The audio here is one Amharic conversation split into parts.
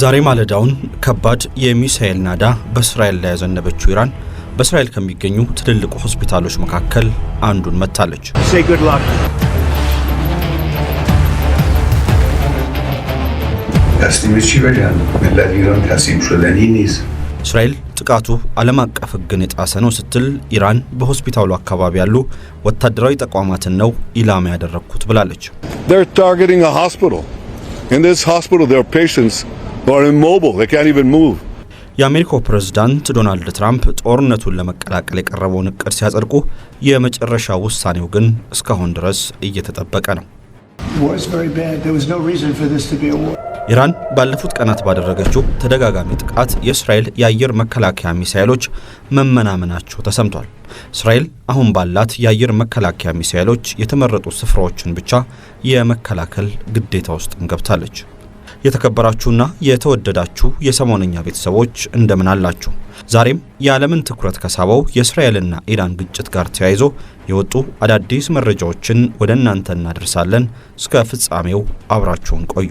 ዛሬ ማለዳውን ከባድ የሚሳኤል ናዳ በእስራኤል ላይ ያዘነበችው ኢራን በእስራኤል ከሚገኙ ትልልቁ ሆስፒታሎች መካከል አንዱን መታለች። እስራኤል ጥቃቱ ዓለም አቀፍ ሕግን የጣሰ ነው ስትል ኢራን በሆስፒታሉ አካባቢ ያሉ ወታደራዊ ተቋማትን ነው ኢላማ ያደረግኩት ብላለች። የአሜሪካው ፕሬዝዳንት ዶናልድ ትራምፕ ጦርነቱን ለመቀላቀል የቀረበውን እቅድ ሲያጸድቁ የመጨረሻ ውሳኔው ግን እስካሁን ድረስ እየተጠበቀ ነው። ኢራን ባለፉት ቀናት ባደረገችው ተደጋጋሚ ጥቃት የእስራኤል የአየር መከላከያ ሚሳኤሎች መመናመናቸው ተሰምቷል። እስራኤል አሁን ባላት የአየር መከላከያ ሚሳኤሎች የተመረጡ ስፍራዎችን ብቻ የመከላከል ግዴታ ውስጥም ገብታለች። የተከበራችሁና የተወደዳችሁ የሰሞነኛ ቤተሰቦች እንደምን አላችሁ? ዛሬም የዓለምን ትኩረት ከሳበው የእስራኤልና ኢራን ግጭት ጋር ተያይዞ የወጡ አዳዲስ መረጃዎችን ወደ እናንተ እናደርሳለን። እስከ ፍጻሜው አብራችሁን ቆዩ።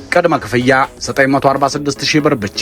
ቅድመ ክፍያ 946 ሺህ ብር ብቻ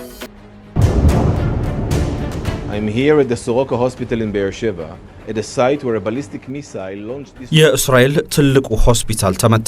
I'm here at the Soroka Hospital in Beersheba, at a site where a ballistic missile launched this... የእስራኤል ትልቁ ሆስፒታል ተመታ።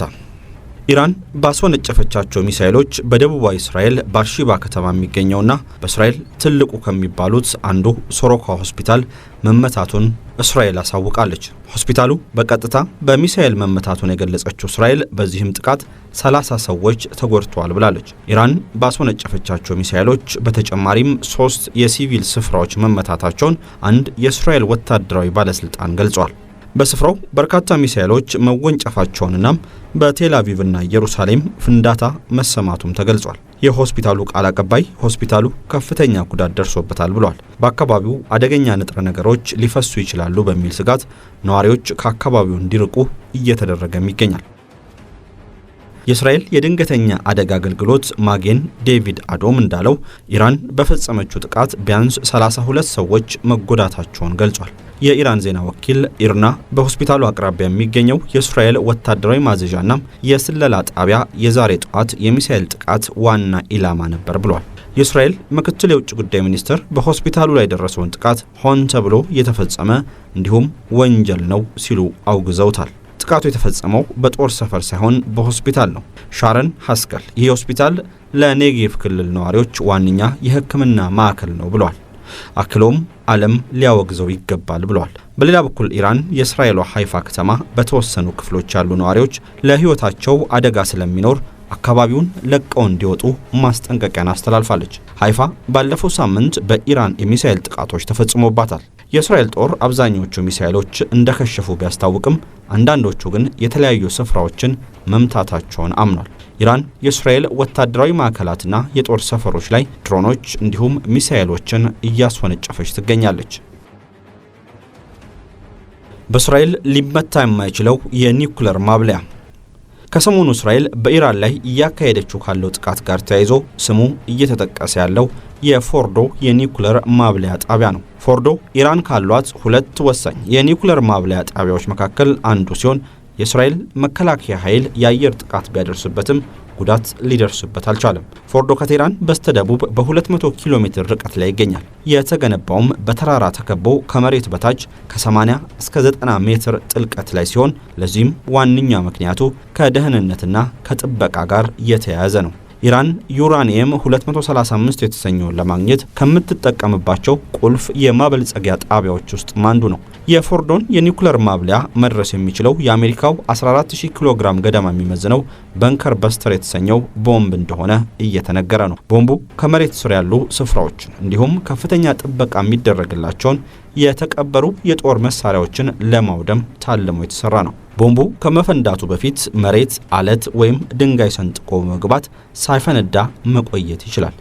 ኢራን ባስወነጨፈቻቸው ሚሳይሎች በደቡባዊ እስራኤል ባርሺባ ከተማ የሚገኘውና በእስራኤል ትልቁ ከሚባሉት አንዱ ሶሮካ ሆስፒታል መመታቱን እስራኤል አሳውቃለች። ሆስፒታሉ በቀጥታ በሚሳኤል መመታቱን የገለጸችው እስራኤል በዚህም ጥቃት 30 ሰዎች ተጎድተዋል ብላለች። ኢራን ባስወነጨፈቻቸው ሚሳኤሎች በተጨማሪም ሶስት የሲቪል ስፍራዎች መመታታቸውን አንድ የእስራኤል ወታደራዊ ባለስልጣን ገልጿል። በስፍራው በርካታ ሚሳኤሎች መወንጨፋቸውንና በቴል አቪቭና ኢየሩሳሌም ፍንዳታ መሰማቱም ተገልጿል። የሆስፒታሉ ቃል አቀባይ ሆስፒታሉ ከፍተኛ ጉዳት ደርሶበታል ብሏል። በአካባቢው አደገኛ ንጥረ ነገሮች ሊፈሱ ይችላሉ በሚል ስጋት ነዋሪዎች ከአካባቢው እንዲርቁ እየተደረገም ይገኛል። የእስራኤል የድንገተኛ አደጋ አገልግሎት ማጌን ዴቪድ አዶም እንዳለው ኢራን በፈጸመችው ጥቃት ቢያንስ 32 ሰዎች መጎዳታቸውን ገልጿል። የኢራን ዜና ወኪል ኢርና በሆስፒታሉ አቅራቢያ የሚገኘው የእስራኤል ወታደራዊ ማዘዣና የስለላ ጣቢያ የዛሬ ጠዋት የሚሳኤል ጥቃት ዋና ኢላማ ነበር ብሏል። የእስራኤል ምክትል የውጭ ጉዳይ ሚኒስትር በሆስፒታሉ ላይ የደረሰውን ጥቃት ሆን ተብሎ የተፈጸመ እንዲሁም ወንጀል ነው ሲሉ አውግዘውታል። ጥቃቱ የተፈጸመው በጦር ሰፈር ሳይሆን በሆስፒታል ነው። ሻረን ሀስከል ይህ ሆስፒታል ለኔጌቭ ክልል ነዋሪዎች ዋነኛ የሕክምና ማዕከል ነው ብሏል። አክሎም ዓለም ሊያወግዘው ይገባል ብለዋል። በሌላ በኩል ኢራን የእስራኤሏ ሀይፋ ከተማ በተወሰኑ ክፍሎች ያሉ ነዋሪዎች ለሕይወታቸው አደጋ ስለሚኖር አካባቢውን ለቀው እንዲወጡ ማስጠንቀቂያን አስተላልፋለች። ሀይፋ ባለፈው ሳምንት በኢራን የሚሳኤል ጥቃቶች ተፈጽሞባታል። የእስራኤል ጦር አብዛኞቹ ሚሳኤሎች እንደከሸፉ ቢያስታውቅም አንዳንዶቹ ግን የተለያዩ ስፍራዎችን መምታታቸውን አምኗል። ኢራን የእስራኤል ወታደራዊ ማዕከላትና የጦር ሰፈሮች ላይ ድሮኖች እንዲሁም ሚሳኤሎችን እያስወነጨፈች ትገኛለች። በእስራኤል ሊመታ የማይችለው የኒውክለር ማብለያ ከሰሞኑ እስራኤል በኢራን ላይ እያካሄደችው ካለው ጥቃት ጋር ተያይዞ ስሙ እየተጠቀሰ ያለው የፎርዶ የኒውክለር ማብለያ ጣቢያ ነው። ፎርዶ ኢራን ካሏት ሁለት ወሳኝ የኒውክለር ማብለያ ጣቢያዎች መካከል አንዱ ሲሆን የእስራኤል መከላከያ ኃይል የአየር ጥቃት ቢያደርስበትም ጉዳት ሊደርስበት አልቻለም። ፎርዶ ከቴራን በስተደቡብ በ200 ኪሎ ሜትር ርቀት ላይ ይገኛል። የተገነባውም በተራራ ተከቦ ከመሬት በታች ከ80 እስከ 90 ሜትር ጥልቀት ላይ ሲሆን ለዚህም ዋነኛ ምክንያቱ ከደህንነትና ከጥበቃ ጋር የተያያዘ ነው። ኢራን ዩራኒየም 235 የተሰኘውን ለማግኘት ከምትጠቀምባቸው ቁልፍ የማበልጸጊያ ጣቢያዎች ውስጥ አንዱ ነው። የፎርዶን የኒውክለር ማብለያ መድረስ የሚችለው የአሜሪካው 140 ኪሎ ግራም ገደማ የሚመዝነው በንከር በስተር የተሰኘው ቦምብ እንደሆነ እየተነገረ ነው። ቦምቡ ከመሬት ስር ያሉ ስፍራዎችን እንዲሁም ከፍተኛ ጥበቃ የሚደረግላቸውን የተቀበሩ የጦር መሳሪያዎችን ለማውደም ታልሞ የተሰራ ነው። ቦምቡ ከመፈንዳቱ በፊት መሬት፣ አለት ወይም ድንጋይ ሰንጥቆ በመግባት ሳይፈነዳ መቆየት ይችላል።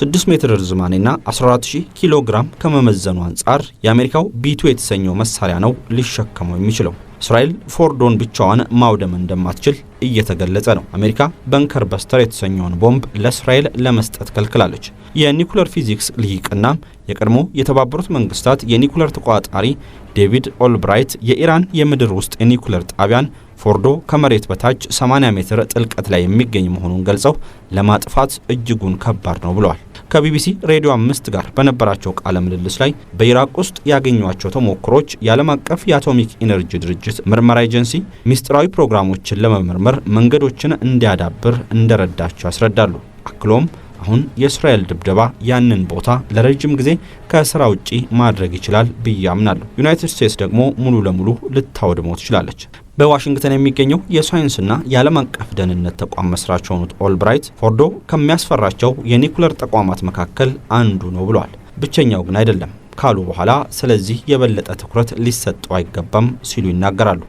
6 ሜትር ርዝማኔና 140 ኪሎ ግራም ከመመዘኑ አንጻር የአሜሪካው ቢቱ የተሰኘው መሳሪያ ነው ሊሸከመው የሚችለው። እስራኤል ፎርዶን ብቻዋን ማውደም እንደማትችል እየተገለጸ ነው። አሜሪካ በንከር በስተር የተሰኘውን ቦምብ ለእስራኤል ለመስጠት ከልክላለች። የኒኩለር ፊዚክስ ልሂቅና የቀድሞ የተባበሩት መንግስታት የኒኩለር ተቆጣጣሪ ዴቪድ ኦልብራይት የኢራን የምድር ውስጥ የኒኩለር ጣቢያን ፎርዶ ከመሬት በታች 80 ሜትር ጥልቀት ላይ የሚገኝ መሆኑን ገልጸው ለማጥፋት እጅጉን ከባድ ነው ብለዋል። ከቢቢሲ ሬዲዮ አምስት ጋር በነበራቸው ቃለ ምልልስ ላይ በኢራቅ ውስጥ ያገኟቸው ተሞክሮች የዓለም አቀፍ የአቶሚክ ኢነርጂ ድርጅት ምርመራ ኤጀንሲ ሚስጥራዊ ፕሮግራሞችን ለመመርመር መንገዶችን እንዲያዳብር እንደረዳቸው ያስረዳሉ። አክሎም አሁን የእስራኤል ድብደባ ያንን ቦታ ለረጅም ጊዜ ከስራ ውጪ ማድረግ ይችላል ብዬ አምናለሁ። ዩናይትድ ስቴትስ ደግሞ ሙሉ ለሙሉ ልታወድመው ትችላለች። በዋሽንግተን የሚገኘው የሳይንስና የዓለም አቀፍ ደህንነት ተቋም መስራች የሆኑት ኦልብራይት ፎርዶ ከሚያስፈራቸው የኒኩለር ተቋማት መካከል አንዱ ነው ብለል። ብቸኛው ግን አይደለም ካሉ በኋላ ስለዚህ የበለጠ ትኩረት ሊሰጠው አይገባም ሲሉ ይናገራሉ።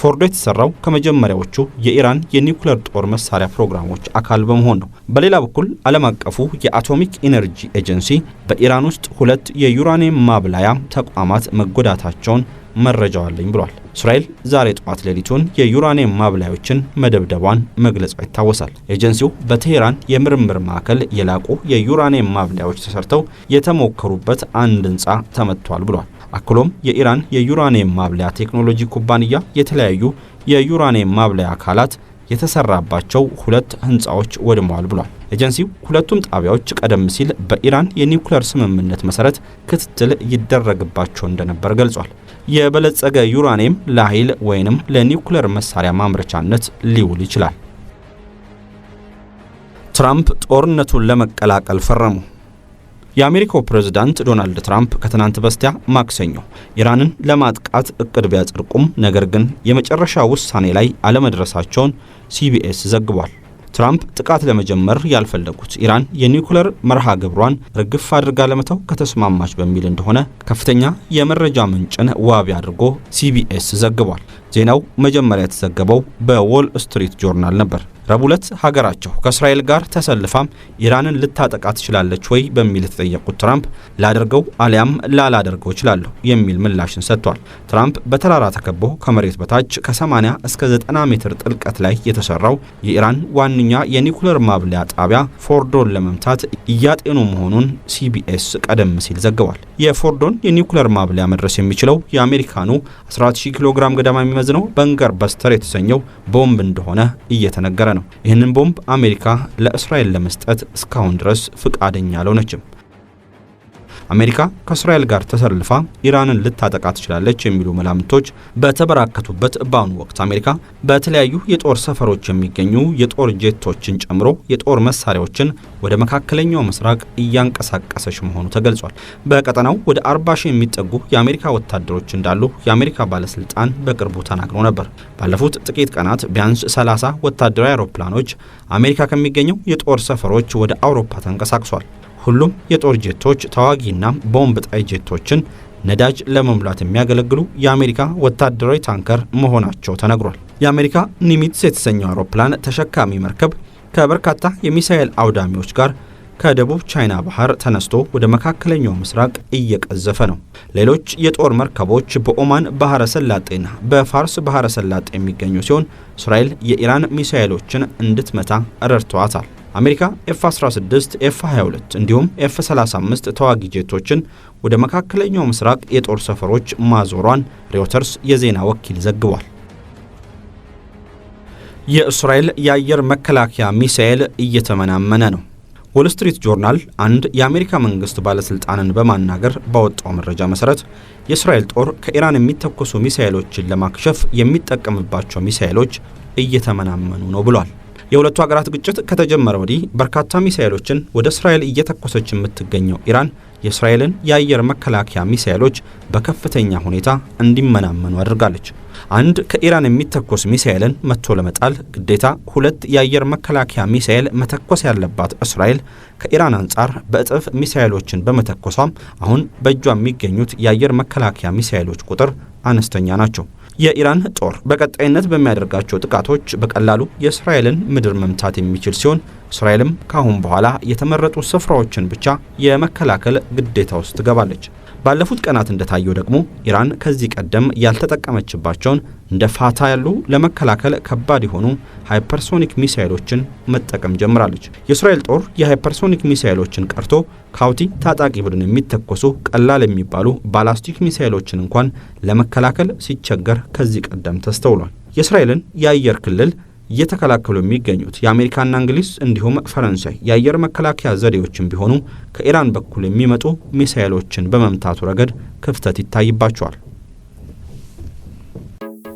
ፎርዶ የተሰራው ከመጀመሪያዎቹ የኢራን የኒውክሌር ጦር መሳሪያ ፕሮግራሞች አካል በመሆን ነው። በሌላ በኩል ዓለም አቀፉ የአቶሚክ ኢነርጂ ኤጀንሲ በኢራን ውስጥ ሁለት የዩራኒየም ማብላያ ተቋማት መጎዳታቸውን መረጃዋለኝ አለኝ ብሏል። እስራኤል ዛሬ ጠዋት ሌሊቱን የዩራኒየም ማብላዮችን መደብደቧን መግለጿ ይታወሳል። ኤጀንሲው በቴሄራን የምርምር ማዕከል የላቁ የዩራኒየም ማብላያዎች ተሰርተው የተሞከሩበት አንድ ህንፃ ተመቷል ብሏል። አክሎም የኢራን የዩራኒየም ማብለያ ቴክኖሎጂ ኩባንያ የተለያዩ የዩራኒየም ማብለያ አካላት የተሰራባቸው ሁለት ህንፃዎች ወድመዋል ብሏል። ኤጀንሲው ሁለቱም ጣቢያዎች ቀደም ሲል በኢራን የኒውክሌር ስምምነት መሰረት ክትትል ይደረግባቸው እንደነበር ገልጿል። የበለጸገ ዩራኒየም ለኃይል ወይንም ለኒውክሌር መሳሪያ ማምረቻነት ሊውል ይችላል። ትራምፕ ጦርነቱን ለመቀላቀል ፈረሙ። የአሜሪካው ፕሬዝዳንት ዶናልድ ትራምፕ ከትናንት በስቲያ ማክሰኞ ኢራንን ለማጥቃት እቅድ ቢያጸድቁም ነገር ግን የመጨረሻ ውሳኔ ላይ አለመድረሳቸውን ሲቢኤስ ዘግቧል። ትራምፕ ጥቃት ለመጀመር ያልፈለጉት ኢራን የኒውክለር መርሃ ግብሯን ርግፍ አድርጋ ለመተው ከተስማማች በሚል እንደሆነ ከፍተኛ የመረጃ ምንጭን ዋቢ አድርጎ ሲቢኤስ ዘግቧል። ዜናው መጀመሪያ የተዘገበው በዎል ስትሪት ጆርናል ነበር። ረቡዕ ዕለት ሀገራቸው ከእስራኤል ጋር ተሰልፋም ኢራንን ልታጠቃ ትችላለች ወይ በሚል የተጠየቁት ትራምፕ ላደርገው አሊያም ላላደርገው እችላለሁ የሚል ምላሽን ሰጥቷል። ትራምፕ በተራራ ተከቦ ከመሬት በታች ከ80 እስከ 90 ሜትር ጥልቀት ላይ የተሰራው የኢራን ዋነኛ የኒኩለር ማብለያ ጣቢያ ፎርዶን ለመምታት እያጤኑ መሆኑን ሲቢኤስ ቀደም ሲል ዘግቧል። የፎርዶን የኒኩለር ማብለያ መድረስ የሚችለው የአሜሪካኑ 140 ኪሎ ግራም ገደማ የሚመዝ የያዝነው በስተር የተሰኘው ቦምብ እንደሆነ እየተነገረ ነው። ይህንን ቦምብ አሜሪካ ለእስራኤል ለመስጠት እስካሁን ድረስ ፍቃደኛ አልሆነችም። አሜሪካ ከእስራኤል ጋር ተሰልፋ ኢራንን ልታጠቃ ትችላለች የሚሉ መላምቶች በተበራከቱበት በአሁኑ ወቅት አሜሪካ በተለያዩ የጦር ሰፈሮች የሚገኙ የጦር ጄቶችን ጨምሮ የጦር መሳሪያዎችን ወደ መካከለኛው ምስራቅ እያንቀሳቀሰች መሆኑ ተገልጿል። በቀጠናው ወደ 40 ሺህ የሚጠጉ የአሜሪካ ወታደሮች እንዳሉ የአሜሪካ ባለስልጣን በቅርቡ ተናግሮ ነበር። ባለፉት ጥቂት ቀናት ቢያንስ 30 ወታደራዊ አውሮፕላኖች አሜሪካ ከሚገኘው የጦር ሰፈሮች ወደ አውሮፓ ተንቀሳቅሷል። ሁሉም የጦር ጄቶች ተዋጊና ቦምብ ጣይ ጄቶችን ነዳጅ ለመሙላት የሚያገለግሉ የአሜሪካ ወታደራዊ ታንከር መሆናቸው ተነግሯል። የአሜሪካ ኒሚትስ የተሰኘው አውሮፕላን ተሸካሚ መርከብ ከበርካታ የሚሳኤል አውዳሚዎች ጋር ከደቡብ ቻይና ባህር ተነስቶ ወደ መካከለኛው ምስራቅ እየቀዘፈ ነው። ሌሎች የጦር መርከቦች በኦማን ባህረ ሰላጤና በፋርስ ባህረ ሰላጤ የሚገኙ ሲሆን እስራኤል የኢራን ሚሳኤሎችን እንድትመታ ረድተዋታል። አሜሪካ ኤፍ 16 ኤፍ 22 እንዲሁም ኤፍ 35 ተዋጊ ጄቶችን ወደ መካከለኛው ምስራቅ የጦር ሰፈሮች ማዞሯን ሬውተርስ የዜና ወኪል ዘግቧል። የእስራኤል የአየር መከላከያ ሚሳኤል እየተመናመነ ነው። ዎል ስትሪት ጆርናል አንድ የአሜሪካ መንግስት ባለስልጣንን በማናገር ባወጣው መረጃ መሠረት የእስራኤል ጦር ከኢራን የሚተኮሱ ሚሳኤሎችን ለማክሸፍ የሚጠቀምባቸው ሚሳኤሎች እየተመናመኑ ነው ብሏል። የሁለቱ ሀገራት ግጭት ከተጀመረ ወዲህ በርካታ ሚሳኤሎችን ወደ እስራኤል እየተኮሰች የምትገኘው ኢራን የእስራኤልን የአየር መከላከያ ሚሳኤሎች በከፍተኛ ሁኔታ እንዲመናመኑ አድርጋለች። አንድ ከኢራን የሚተኮስ ሚሳኤልን መጥቶ ለመጣል ግዴታ ሁለት የአየር መከላከያ ሚሳኤል መተኮስ ያለባት እስራኤል ከኢራን አንጻር በእጥፍ ሚሳኤሎችን በመተኮሷም አሁን በእጇ የሚገኙት የአየር መከላከያ ሚሳኤሎች ቁጥር አነስተኛ ናቸው። የኢራን ጦር በቀጣይነት በሚያደርጋቸው ጥቃቶች በቀላሉ የእስራኤልን ምድር መምታት የሚችል ሲሆን እስራኤልም ካሁን በኋላ የተመረጡ ስፍራዎችን ብቻ የመከላከል ግዴታ ውስጥ ትገባለች። ባለፉት ቀናት እንደታየው ደግሞ ኢራን ከዚህ ቀደም ያልተጠቀመችባቸውን እንደ ፋታ ያሉ ለመከላከል ከባድ የሆኑ ሃይፐርሶኒክ ሚሳይሎችን መጠቀም ጀምራለች። የእስራኤል ጦር የሃይፐርሶኒክ ሚሳይሎችን ቀርቶ ካውቲ ታጣቂ ቡድን የሚተኮሱ ቀላል የሚባሉ ባላስቲክ ሚሳይሎችን እንኳን ለመከላከል ሲቸገር ከዚህ ቀደም ተስተውሏል። የእስራኤልን የአየር ክልል እየተከላከሉ የሚገኙት የአሜሪካና እንግሊዝ እንዲሁም ፈረንሳይ የአየር መከላከያ ዘዴዎችን ቢሆኑ ከኢራን በኩል የሚመጡ ሚሳኤሎችን በመምታቱ ረገድ ክፍተት ይታይባቸዋል።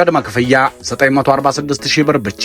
ቅድመ ክፍያ 946000 ሺህ ብር ብቻ